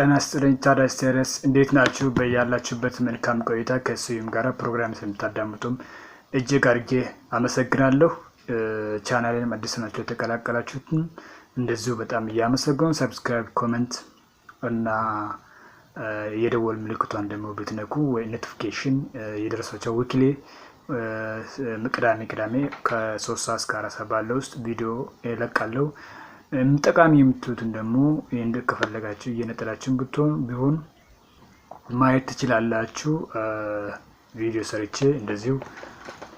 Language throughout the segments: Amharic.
ጤና ይስጥልኝ ታዲያስ ስቴረስ እንዴት ናችሁ? በያላችሁበት መልካም ቆይታ ከስዩም ጋር ፕሮግራም ስለምታዳምጡም እጅግ አድርጌ አመሰግናለሁ። ቻናሌንም አዲስ ናቸው የተቀላቀላችሁትም እንደዚሁ በጣም እያመሰግኑ ሰብስክራይብ፣ ኮመንት እና የደወል ምልክቷን ደግሞ ብትነኩ ወይ ኖቲፊኬሽን የደረሳቸው ወኪሌ ቅዳሜ ቅዳሜ ከሶስት ሰዓት እስከ አራት ሰዓት ባለው ውስጥ ቪዲዮ እለቃለሁ። ጠቃሚ የምትሉትን ደግሞ ይህን ከፈለጋችሁ እየነጠላችሁን ብትሆን ቢሆን ማየት ትችላላችሁ። ቪዲዮ ሰርቼ እንደዚሁ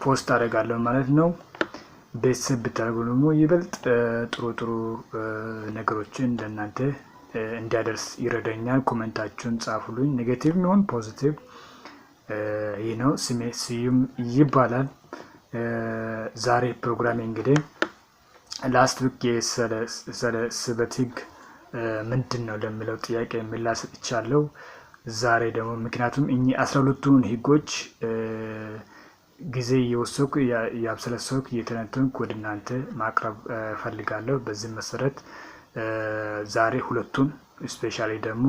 ፖስት አደርጋለሁ ማለት ነው። ቤተሰብ ብታደርጉ ደግሞ ይበልጥ ጥሩ ጥሩ ነገሮችን ለእናንተ እንዲያደርስ ይረዳኛል። ኮመንታችሁን ጻፉልኝ። ኔጌቲቭ ይሁን ፖዚቲቭ፣ ይህ ነው። ስሜ ስዩም ይባላል። ዛሬ ፕሮግራሜ እንግዲህ ላስት ዊክ ስለ ስበት ህግ ምንድን ነው ለሚለው ጥያቄ ምላሽ ሰጥቻለሁ። ዛሬ ደግሞ ምክንያቱም እኚህ አስራ ሁለቱን ህጎች ጊዜ እየወሰኩ ያብሰለሰኩ እየተነተንኩ ወደ እናንተ ማቅረብ ፈልጋለሁ። በዚህ መሰረት ዛሬ ሁለቱን ስፔሻሊ ደግሞ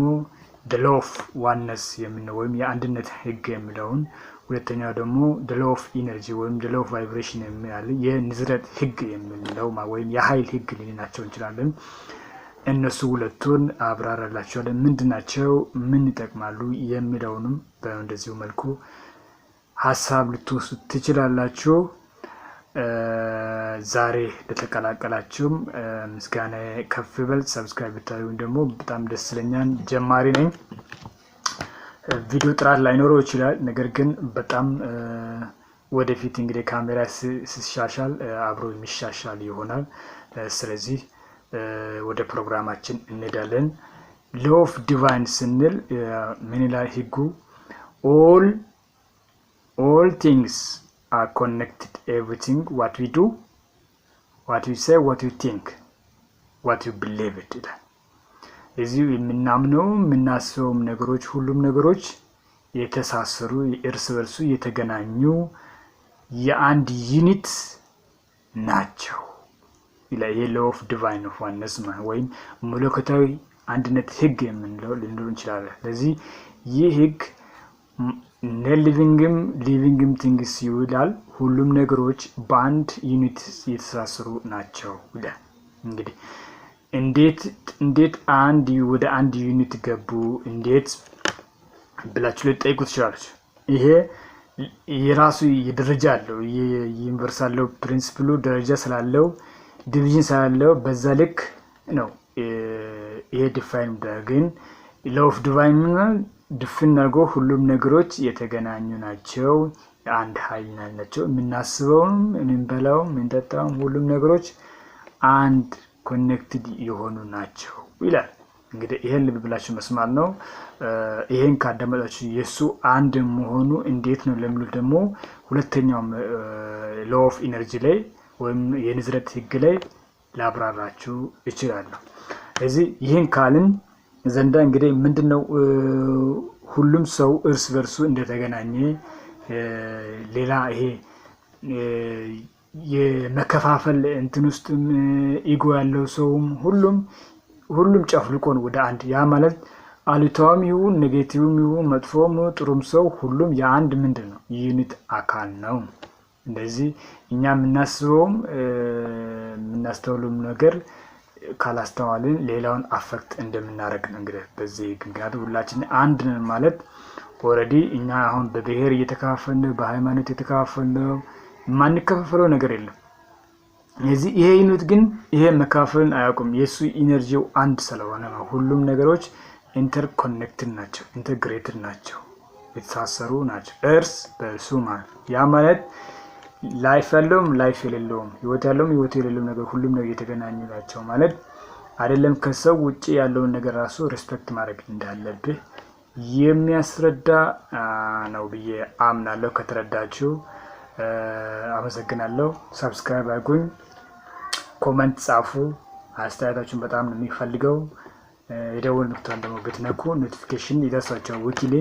ደሎፍ ዋነስ የምንወይም የአንድነት ህግ የሚለውን ሁለተኛው ደግሞ ደ ኢነርጂ ወይም ደ ቫይብሬሽን የሚያል የንዝረት ህግ የምንለው ወይም የሀይል ህግ ልንላቸው እንችላለን። እነሱ ሁለቱን አብራራላቸዋለን። ምንድናቸው? ምን ይጠቅማሉ? የሚለውንም በእንደዚሁ መልኩ ሀሳብ ልትወስዱ ትችላላችሁ። ዛሬ ለተቀላቀላችሁም ምስጋና ከፍ በል። ሰብስክራይብ ብታዩ ደግሞ በጣም ደስ ይለኛል። ጀማሪ ነኝ። ቪዲዮ ጥራት ላይኖረው ይችላል። ነገር ግን በጣም ወደፊት እንግዲህ ካሜራ ሲሻሻል አብሮ የሚሻሻል ይሆናል። ስለዚህ ወደ ፕሮግራማችን እንሄዳለን። ሎፍ ዲቫይን ስንል ምን ይላል ህጉ? ኦል ኦል ቲንግስ አር ኮኔክትድ ኤቭሪቲንግ ዋት ዊ ዱ ዋት ዊ ሴ ዋት ዊ ቲንክ ዋት ዊ ብሊቭ ይላል እዚሁ የምናምነው የምናስበውም ነገሮች ሁሉም ነገሮች የተሳሰሩ እርስ በርሱ የተገናኙ የአንድ ዩኒት ናቸው ይላል። ይሄ ሎው ኦፍ ዲቫይን ኦፍ ዋነስ ወይም መለኮታዊ አንድነት ህግ የምንለው ልንሉ እንችላለን። ስለዚህ ይህ ህግ ነሊቪንግም ሊቪንግም ቲንግስ ይውላል። ሁሉም ነገሮች በአንድ ዩኒት የተሳሰሩ ናቸው ይላል እንግዲህ እንዴት እንዴት አንድ ወደ አንድ ዩኒት ገቡ እንዴት ብላችሁ ልጠይቁ ትችላለች። ይሄ የራሱ የደረጃ አለው የዩኒቨርስ አለው ፕሪንስፕሉ ደረጃ ስላለው ዲቪዥን ስላለው በዛ ልክ ነው። ይሄ ዲፋይን ግን ለውፍ ዲቫይን ድፍን አድርጎ ሁሉም ነገሮች የተገናኙ ናቸው። አንድ ሀይል ናቸው። የምናስበውም፣ የምንበላውም፣ የምንጠጣውም ሁሉም ነገሮች አንድ ኮኔክትድ የሆኑ ናቸው ይላል። እንግዲህ ይሄን ልብ ብላችሁ መስማት ነው። ይሄን ካዳመጣችሁ የእሱ አንድ መሆኑ እንዴት ነው ለሚሉት ደግሞ ሁለተኛው ሎፍ ኦፍ ኢነርጂ ላይ ወይም የንዝረት ህግ ላይ ላብራራችሁ እችላለሁ። እዚህ ይህን ካልን ዘንዳ እንግዲህ ምንድን ነው ሁሉም ሰው እርስ በርሱ እንደተገናኘ ሌላ ይሄ የመከፋፈል እንትን ውስጥም ኢጎ ያለው ሰውም ሁሉም ሁሉም ጨፍልቆ ነው ወደ አንድ። ያ ማለት አሉታዊም ይሁን ኔጌቲቭም ይሁን መጥፎም ጥሩም ሰው ሁሉም የአንድ ምንድን ነው ዩኒት አካል ነው። እንደዚህ እኛ የምናስበውም የምናስተውሉም ነገር ካላስተዋልን ሌላውን አፈክት እንደምናደርግ ነው። እንግዲህ በዚህ ምክንያቱ ሁላችን አንድ ነን ማለት ኦልሬዲ እኛ አሁን በብሔር እየተከፋፈልን በሃይማኖት የተከፋፈልን የማንከፋፈለው ነገር የለም። የዚህ ይሄ ዩኒት ግን ይሄ መከፋፈልን አያውቁም። የእሱ ኢነርጂው አንድ ስለሆነ ነው። ሁሉም ነገሮች ኢንተርኮኔክትድ ናቸው፣ ኢንተግሬትድ ናቸው፣ የተሳሰሩ ናቸው እርስ በእርሱ ማለት ያ ማለት ላይፍ ያለውም ላይፍ የሌለውም ህይወት ያለውም ህይወት የሌለውም ነገር ሁሉም ነው እየተገናኙ ናቸው ማለት አይደለም። ከሰው ውጭ ያለውን ነገር ራሱ ሪስፔክት ማድረግ እንዳለብህ የሚያስረዳ ነው ብዬ አምናለሁ ከተረዳችሁ አመሰግናለሁ። ሰብስክራይብ አድርጉኝ፣ ኮመንት ጻፉ። አስተያየታችሁን በጣም ነው የሚፈልገው። የደወል ምልክቷን ደግሞ ብትነኩ ኖቲፊኬሽን ይደርሳቸው። ወኪሌ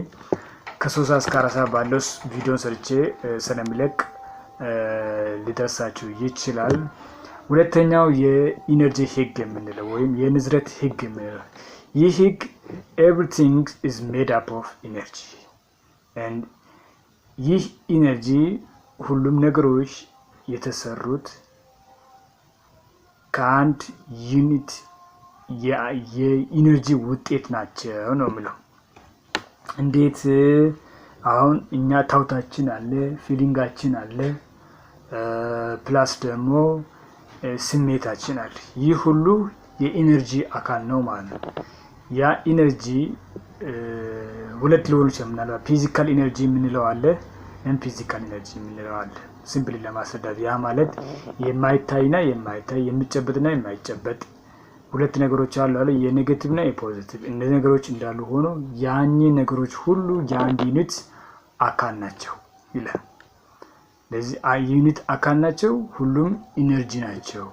ከሶስት እስከ አራት ሰዓት ባለው ቪዲዮን ሰርቼ ስለሚለቅ ሊደርሳችሁ ይችላል። ሁለተኛው የኢነርጂ ህግ የምንለው ወይም የንዝረት ህግ የምንለው ይህ ህግ ኤቭሪቲንግ ኢዝ ሜድ አፕ ኦፍ ኢነርጂ ይህ ኢነርጂ ሁሉም ነገሮች የተሰሩት ከአንድ ዩኒት የኢነርጂ ውጤት ናቸው ነው የምለው። እንዴት አሁን እኛ ታውታችን አለ፣ ፊሊንጋችን አለ፣ ፕላስ ደግሞ ስሜታችን አለ። ይህ ሁሉ የኢነርጂ አካል ነው ማለት ነው። ያ ኢነርጂ ሁለት ሊሆኑ ይችላል። ምናልባት ፊዚካል ኢነርጂ የምንለው አለ ወይም ፊዚካል ኢነርጂ የምንለው አለ። ሲምፕሊ ለማስረዳት ያ ማለት የማይታይና የማይታይ የሚጨበጥና የማይጨበጥ ሁለት ነገሮች አሉ አለ የኔጌቲቭ እና የፖዚቲቭ እነዚህ ነገሮች እንዳሉ ሆኖ ያኝ ነገሮች ሁሉ የአንድ ዩኒት አካል ናቸው ይላል። ለዚህ ዩኒት አካል ናቸው፣ ሁሉም ኢነርጂ ናቸው።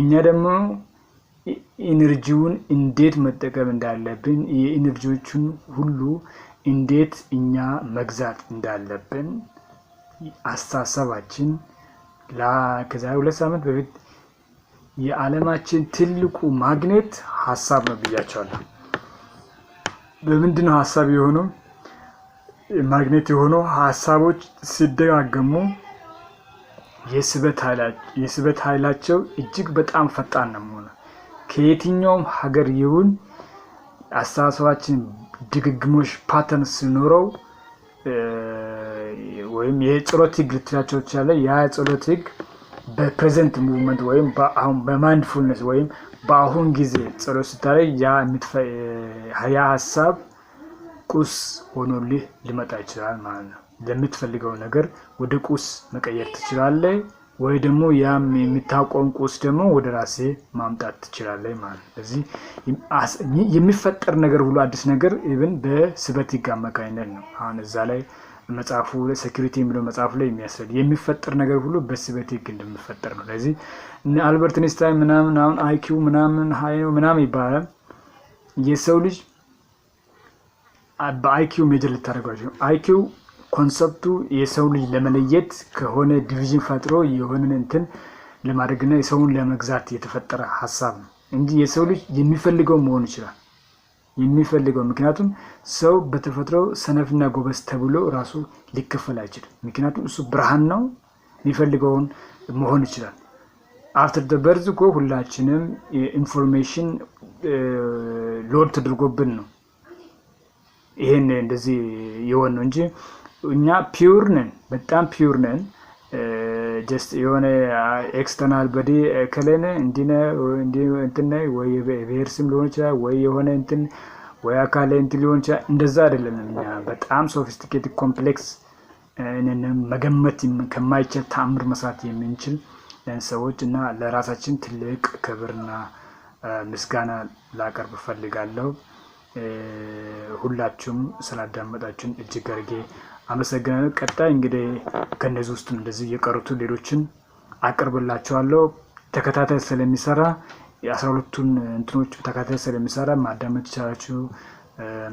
እኛ ደግሞ ኢነርጂውን እንዴት መጠቀም እንዳለብን የኢነርጂዎቹን ሁሉ እንዴት እኛ መግዛት እንዳለብን አስተሳሰባችን ከዛሬ ሁለት ሳምንት በፊት የዓለማችን ትልቁ ማግኔት ሀሳብ ነው ብያቸዋለሁ። በምንድነው ሀሳብ የሆነው ማግኔት የሆነው ሀሳቦች ሲደጋገሙ የስበት ኃይላቸው እጅግ በጣም ፈጣን ነው መሆነ ከየትኛውም ሀገር ይሁን አስተሳሰባችን ድግግሞች ፓተርን ሲኖረው ወይም የጸሎት ህግ ልትላቸው ይችላለ። ያ የጸሎት ህግ በፕሬዘንት ሙቭመንት ወይም በማይንድፉልነስ ወይም በአሁን ጊዜ ጸሎት ስታደርግ ያ ሀሳብ ቁስ ሆኖልህ ሊመጣ ይችላል ማለት ነው። ለምትፈልገው ነገር ወደ ቁስ መቀየር ትችላለህ። ወይ ደግሞ ያም የምታውቀውን ቁስ ደግሞ ወደ ራሴ ማምጣት ትችላለህ ማለት ነው። ስለዚህ የሚፈጠር ነገር ሁሉ አዲስ ነገር ኢቭን በስበት ሕግ አማካኝነት ነው። አሁን እዛ ላይ መጽሐፉ ላይ ሴኪሪቲ የሚለው መጽሐፉ ላይ የሚያስረድ የሚፈጠር ነገር ሁሉ በስበት ሕግ እንደሚፈጠር ነው። ስለዚህ አልበርት ኢንስታይን ምናምን አሁን አይኪው ምናምን ነው ምናምን ይባላል። የሰው ልጅ በአይኪው ሜጀር ልታደርጓቸው አይኪው ኮንሰፕቱ የሰው ልጅ ለመለየት ከሆነ ዲቪዥን ፈጥሮ የሆነን እንትን ለማድረግና የሰውን ለመግዛት የተፈጠረ ሀሳብ ነው እንጂ የሰው ልጅ የሚፈልገው መሆን ይችላል። የሚፈልገው ምክንያቱም ሰው በተፈጥሮ ሰነፍና ጎበዝ ተብሎ ራሱ ሊከፈል አይችልም። ምክንያቱም እሱ ብርሃን ነው፣ የሚፈልገውን መሆን ይችላል። አፍተር ደ በርዝ እኮ ሁላችንም ኢንፎርሜሽን ሎድ ተደርጎብን ነው ይሄን እንደዚህ የሆን ነው እንጂ እኛ ፒውር ነን፣ በጣም ፒውር ነን። ጀስት የሆነ ኤክስተርናል በዲ ከሌነ እንዲነ እንትን ወይ ብሔር ስም ሊሆን ይችላል ወይ የሆነ እንትን ወይ አካል ላይ እንትን ሊሆን ይችላል። እንደዛ አይደለም። እኛ በጣም ሶፊስቲኬት ኮምፕሌክስ መገመት ከማይችል ተአምር መስራት የምንችል ሰዎች እና ለራሳችን ትልቅ ክብርና ምስጋና ላቀርብ ፈልጋለሁ። ሁላችሁም ስላዳመጣችሁን እጅግ አድርጌ አመሰግናለሁ። ቀጣይ እንግዲህ ከእነዚህ ውስጥ እንደዚህ እየቀሩት ሌሎችን አቅርብላቸዋለሁ። ተከታታይ ስለሚሰራ የአስራ ሁለቱን እንትኖች ተከታታይ ስለሚሰራ ማዳመጥ ይቻላችሁ፣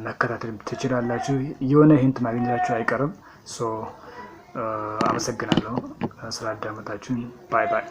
መከታተል ትችላላችሁ። የሆነ ሂንት ማግኘታችሁ አይቀርም። አመሰግናለሁ ስላዳመጣችሁን። ባይ ባይ።